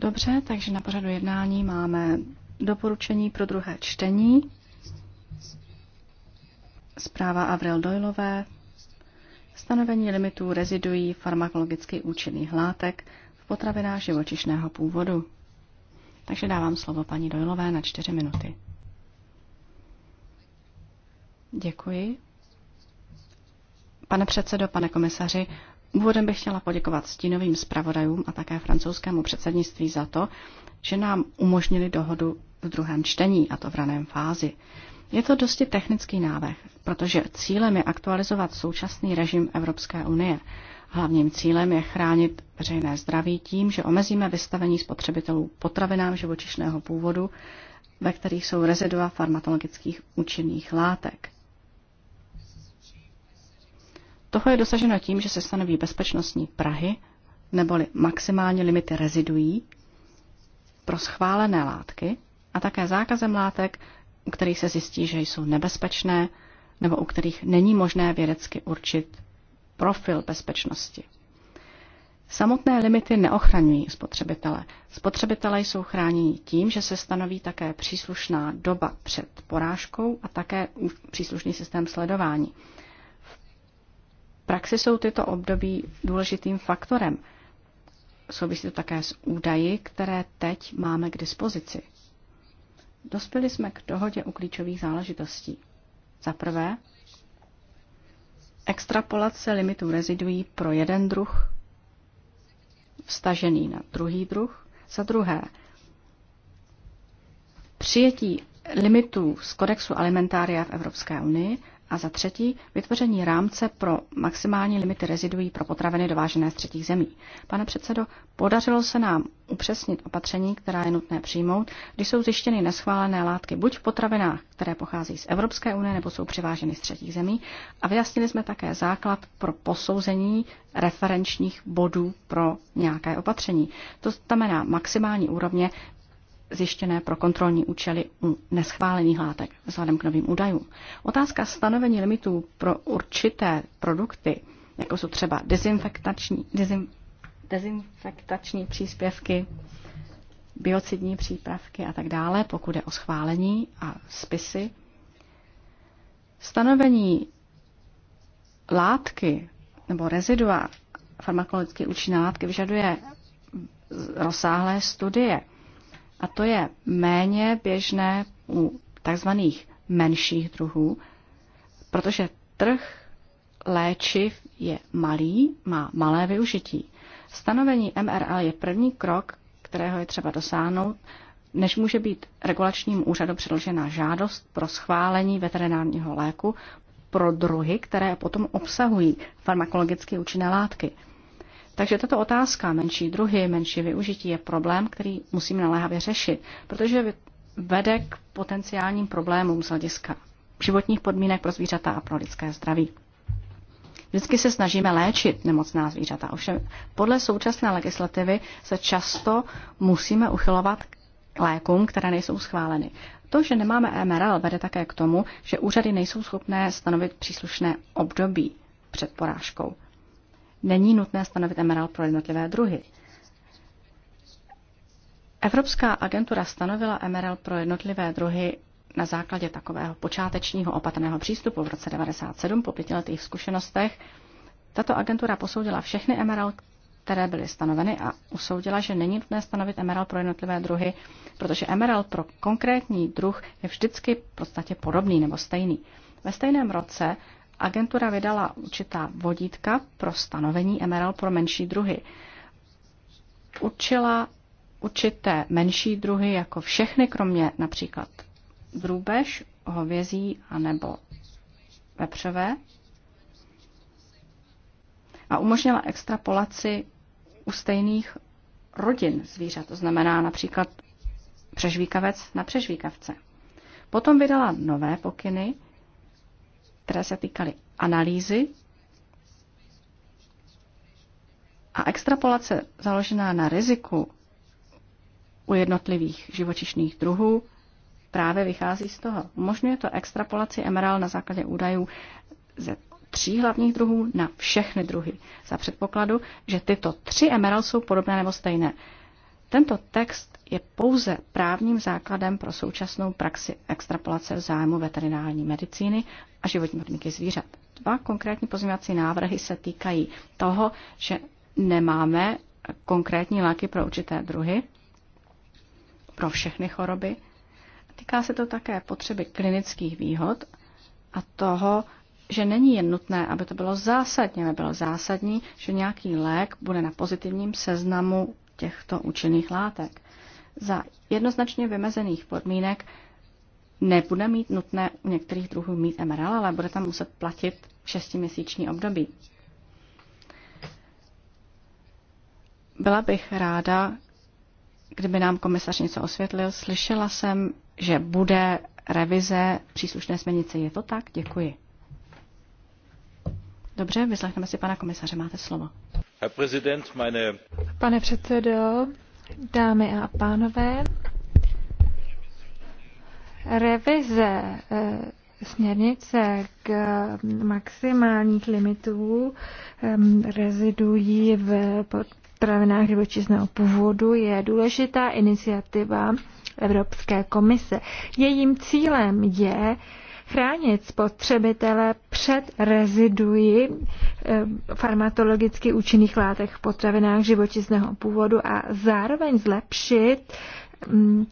Dobře, takže na pořadu jednání máme doporučení pro druhé čtení. Zpráva Avril Doylové. Stanovení limitů rezidují farmakologicky účinných látek v potravinách živočišného původu. Takže dávám slovo paní Doylové na čtyři minuty. Děkuji. Pane předsedo, pane komisaři, úvodem bych chtěla poděkovat stínovým zpravodajům a také francouzskému předsednictví za to, že nám umožnili dohodu v druhém čtení, a to v raném fázi. Je to dosti technický návrh, protože cílem je aktualizovat současný režim Evropské unie. Hlavním cílem je chránit veřejné zdraví tím, že omezíme vystavení spotřebitelů potravinám živočišného původu, ve kterých jsou rezidua farmatologických účinných látek. Toho je dosaženo tím, že se stanoví bezpečnostní Prahy neboli maximální limity reziduí pro schválené látky a také zákazem látek, u kterých se zjistí, že jsou nebezpečné nebo u kterých není možné vědecky určit profil bezpečnosti. Samotné limity neochraňují spotřebitele. Spotřebitele jsou chráněni tím, že se stanoví také příslušná doba před porážkou a také příslušný systém sledování praxi jsou tyto období důležitým faktorem. Souvisí to také s údaji, které teď máme k dispozici. Dospěli jsme k dohodě u klíčových záležitostí. Za prvé, extrapolace limitů reziduí pro jeden druh vstažený na druhý druh. Za druhé, přijetí limitů z kodexu alimentária v Evropské unii a za třetí, vytvoření rámce pro maximální limity reziduí pro potraviny dovážené z třetích zemí. Pane předsedo, podařilo se nám upřesnit opatření, která je nutné přijmout, když jsou zjištěny neschválené látky buď v potravinách, které pochází z Evropské unie nebo jsou přiváženy z třetích zemí. A vyjasnili jsme také základ pro posouzení referenčních bodů pro nějaké opatření. To znamená maximální úrovně, zjištěné pro kontrolní účely u neschválených látek vzhledem k novým údajům. Otázka stanovení limitů pro určité produkty, jako jsou třeba dezinfektační, dezin, dezinfektační příspěvky, biocidní přípravky a tak dále, pokud je o schválení a spisy. Stanovení látky nebo rezidua farmakologicky účinné látky vyžaduje rozsáhlé studie. A to je méně běžné u takzvaných menších druhů, protože trh léčiv je malý, má malé využití. Stanovení MRL je první krok, kterého je třeba dosáhnout, než může být regulačním úřadu předložena žádost pro schválení veterinárního léku pro druhy, které potom obsahují farmakologicky účinné látky. Takže tato otázka menší druhy, menší využití je problém, který musíme naléhavě řešit, protože vede k potenciálním problémům z hlediska životních podmínek pro zvířata a pro lidské zdraví. Vždycky se snažíme léčit nemocná zvířata, ovšem podle současné legislativy se často musíme uchylovat k lékům, které nejsou schváleny. To, že nemáme MRL, vede také k tomu, že úřady nejsou schopné stanovit příslušné období před porážkou není nutné stanovit MRL pro jednotlivé druhy. Evropská agentura stanovila MRL pro jednotlivé druhy na základě takového počátečního opatrného přístupu v roce 1997 po pětiletých zkušenostech. Tato agentura posoudila všechny MRL, které byly stanoveny a usoudila, že není nutné stanovit MRL pro jednotlivé druhy, protože MRL pro konkrétní druh je vždycky v podstatě podobný nebo stejný. Ve stejném roce agentura vydala určitá vodítka pro stanovení MRL pro menší druhy. Učila určité menší druhy, jako všechny, kromě například drůbež, hovězí a nebo vepřové, a umožnila extrapolaci u stejných rodin zvířat, to znamená například přežvíkavec na přežvíkavce. Potom vydala nové pokyny, které se týkaly analýzy a extrapolace založená na riziku u jednotlivých živočišných druhů právě vychází z toho. Umožňuje to extrapolaci MRL na základě údajů ze tří hlavních druhů na všechny druhy, za předpokladu, že tyto tři MRL jsou podobné nebo stejné. Tento text je pouze právním základem pro současnou praxi extrapolace zájmu veterinární medicíny a životní podmínky zvířat. Dva konkrétní pozměňovací návrhy se týkají toho, že nemáme konkrétní léky pro určité druhy, pro všechny choroby. Týká se to také potřeby klinických výhod a toho, že není jen nutné, aby to bylo zásadně, nebylo bylo zásadní, že nějaký lék bude na pozitivním seznamu těchto účinných látek. Za jednoznačně vymezených podmínek nebude mít nutné u některých druhů mít MRL, ale bude tam muset platit šestiměsíční období. Byla bych ráda, kdyby nám komisař něco osvětlil. Slyšela jsem, že bude revize příslušné směnice. Je to tak? Děkuji. Dobře, vyslechneme si pana komisaře. Máte slovo. Pane předsedo, dámy a pánové, revize eh, směrnice k mm, maximálních limitů mm, rezidují v potravinách živočišného původu je důležitá iniciativa Evropské komise. Jejím cílem je chránit spotřebitele před reziduji Eh, farmatologicky účinných látek v potravinách živočizného původu a zároveň zlepšit mm,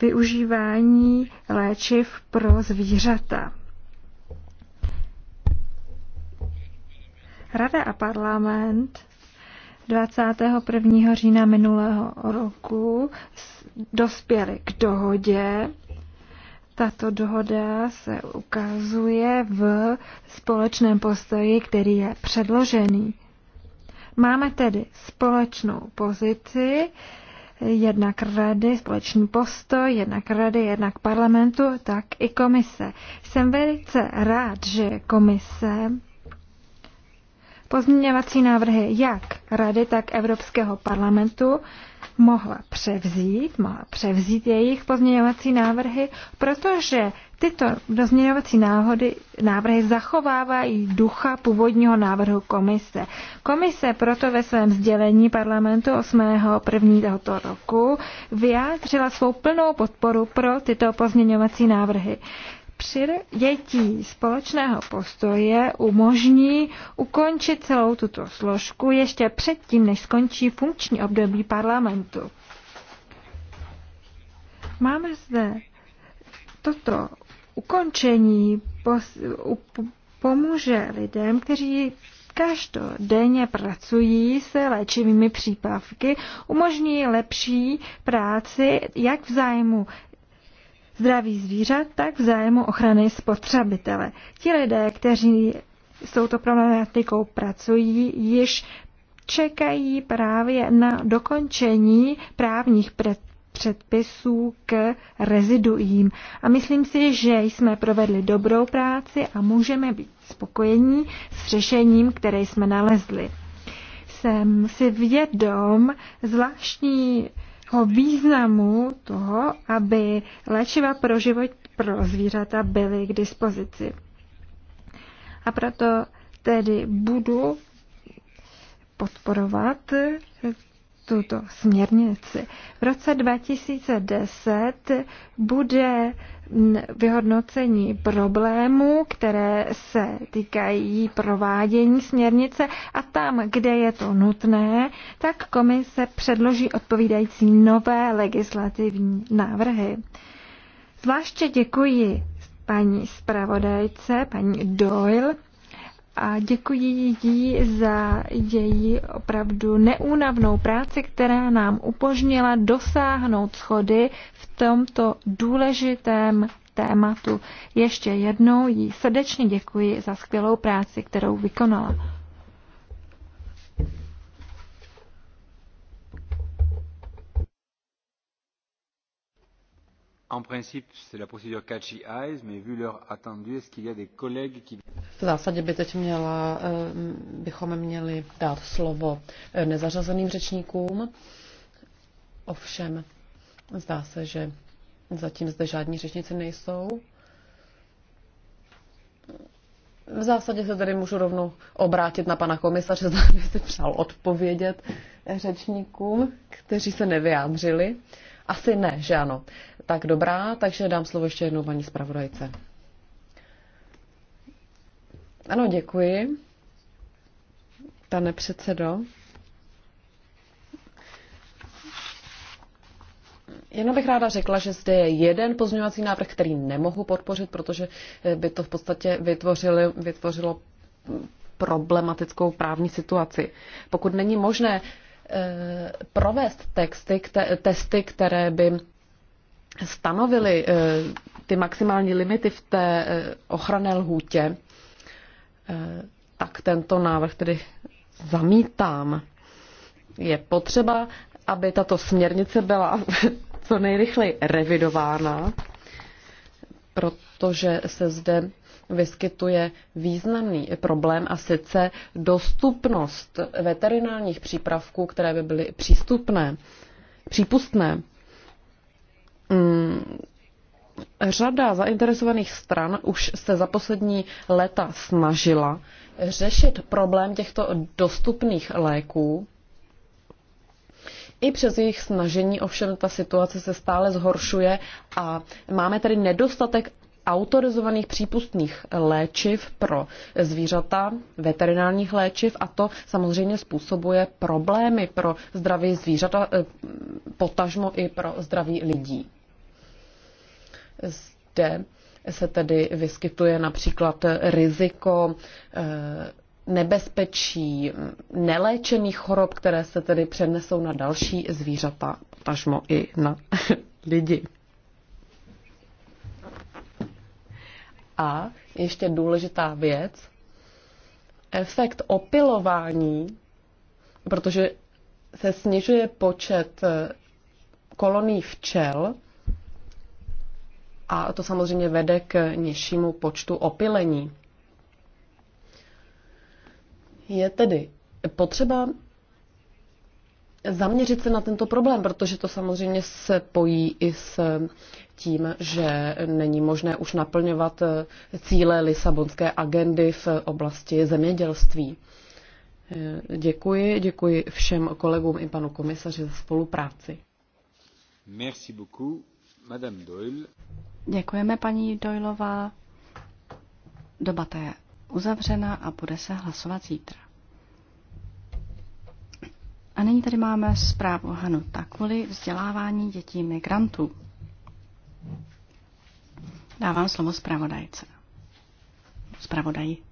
využívání léčiv pro zvířata. Rada a parlament 21. října minulého roku dospěli k dohodě tato dohoda se ukazuje v společném postoji, který je předložený. Máme tedy společnou pozici, jednak rady, společný postoj, jednak rady, jednak parlamentu, tak i komise. Jsem velice rád, že komise pozměňovací návrhy jak Rady, tak Evropského parlamentu mohla převzít, mohla převzít jejich pozměňovací návrhy, protože tyto pozměňovací návody, návrhy zachovávají ducha původního návrhu komise. Komise proto ve svém sdělení parlamentu 8.1. tohoto roku vyjádřila svou plnou podporu pro tyto pozměňovací návrhy přijetí společného postoje umožní ukončit celou tuto složku ještě předtím, než skončí funkční období parlamentu. Máme zde toto ukončení pomůže lidem, kteří každodenně pracují se léčivými přípravky, umožní lepší práci jak v zájmu zdraví zvířat, tak v zájmu ochrany spotřebitele. Ti lidé, kteří s touto problematikou pracují, již čekají právě na dokončení právních předpisů k reziduím. A myslím si, že jsme provedli dobrou práci a můžeme být spokojení s řešením, které jsme nalezli. Jsem si vědom zvláštní o významu toho, aby léčiva pro život pro zvířata byly k dispozici. A proto tedy budu podporovat tuto směrnici. V roce 2010 bude vyhodnocení problémů, které se týkají provádění směrnice a tam, kde je to nutné, tak komise předloží odpovídající nové legislativní návrhy. Zvláště děkuji paní zpravodajce, paní Doyle, a děkuji jí za její opravdu neúnavnou práci, která nám upožnila dosáhnout schody v tomto důležitém tématu. Ještě jednou jí srdečně děkuji za skvělou práci, kterou vykonala. En principe, c'est la procédure eyes, mais vu l'heure attendue, est-ce qu'il y a des collègues qui... V zásadě by teď měla, eh, bychom měli dát slovo eh, nezařazeným řečníkům. Ovšem, zdá se, že zatím zde žádní řečníci nejsou. V zásadě se tedy můžu rovnou obrátit na pana komisaře, zda by si přál odpovědět řečníkům, kteří se nevyjádřili. Asi ne, že ano. Tak dobrá, takže dám slovo ještě jednou paní zpravodajce. Ano, děkuji. Pane předsedo. Jenom bych ráda řekla, že zde je jeden pozměňovací návrh, který nemohu podpořit, protože eh, by to v podstatě vytvořilo, vytvořilo mm, problematickou právní situaci. Pokud není možné Eh, provést texty, kte, testy, které by stanovily eh, ty maximální limity v té eh, ochranné lhůtě, tak tento návrh tedy zamítám. Je potřeba, aby tato směrnice byla co nejrychleji revidována, protože se zde vyskytuje významný problém a sice dostupnost veterinárních přípravků, které by byly přístupné, přípustné. Mm, řada zainteresovaných stran už se za poslední léta snažila řešit problém těchto dostupných léků. I přes jejich snažení ovšem ta situace se stále zhoršuje a máme tedy nedostatek autorizovaných přípustných léčiv pro zvířata, veterinárních léčiv a to samozřejmě způsobuje problémy pro zdraví zvířata, eh, potažmo i pro zdraví lidí. Zde se tedy vyskytuje například riziko eh, nebezpečí neléčených chorob, které se tedy přenesou na další zvířata, potažmo i na lidi. A ještě důležitá věc, efekt opilování, protože se snižuje počet eh, koloní včel a to samozřejmě vede k nižšímu počtu opilení. Je tedy potřeba zaměřit se na tento problém, protože to samozřejmě se pojí i s tím, že není možné už naplňovat eh, cíle Lisabonské agendy v oblasti zemědělství. Eh, děkuji, děkuji všem kolegům i panu komisaři za spolupráci. Merci beaucoup, Madame Doyle. Děkujeme, paní Doylová. Debata je uzavřena a bude se hlasovat zítra. A nyní tady máme zprávu Hanu Takuli, vzdělávání dětí migrantů. Dávám slovo zpravodajce. Zpravodají.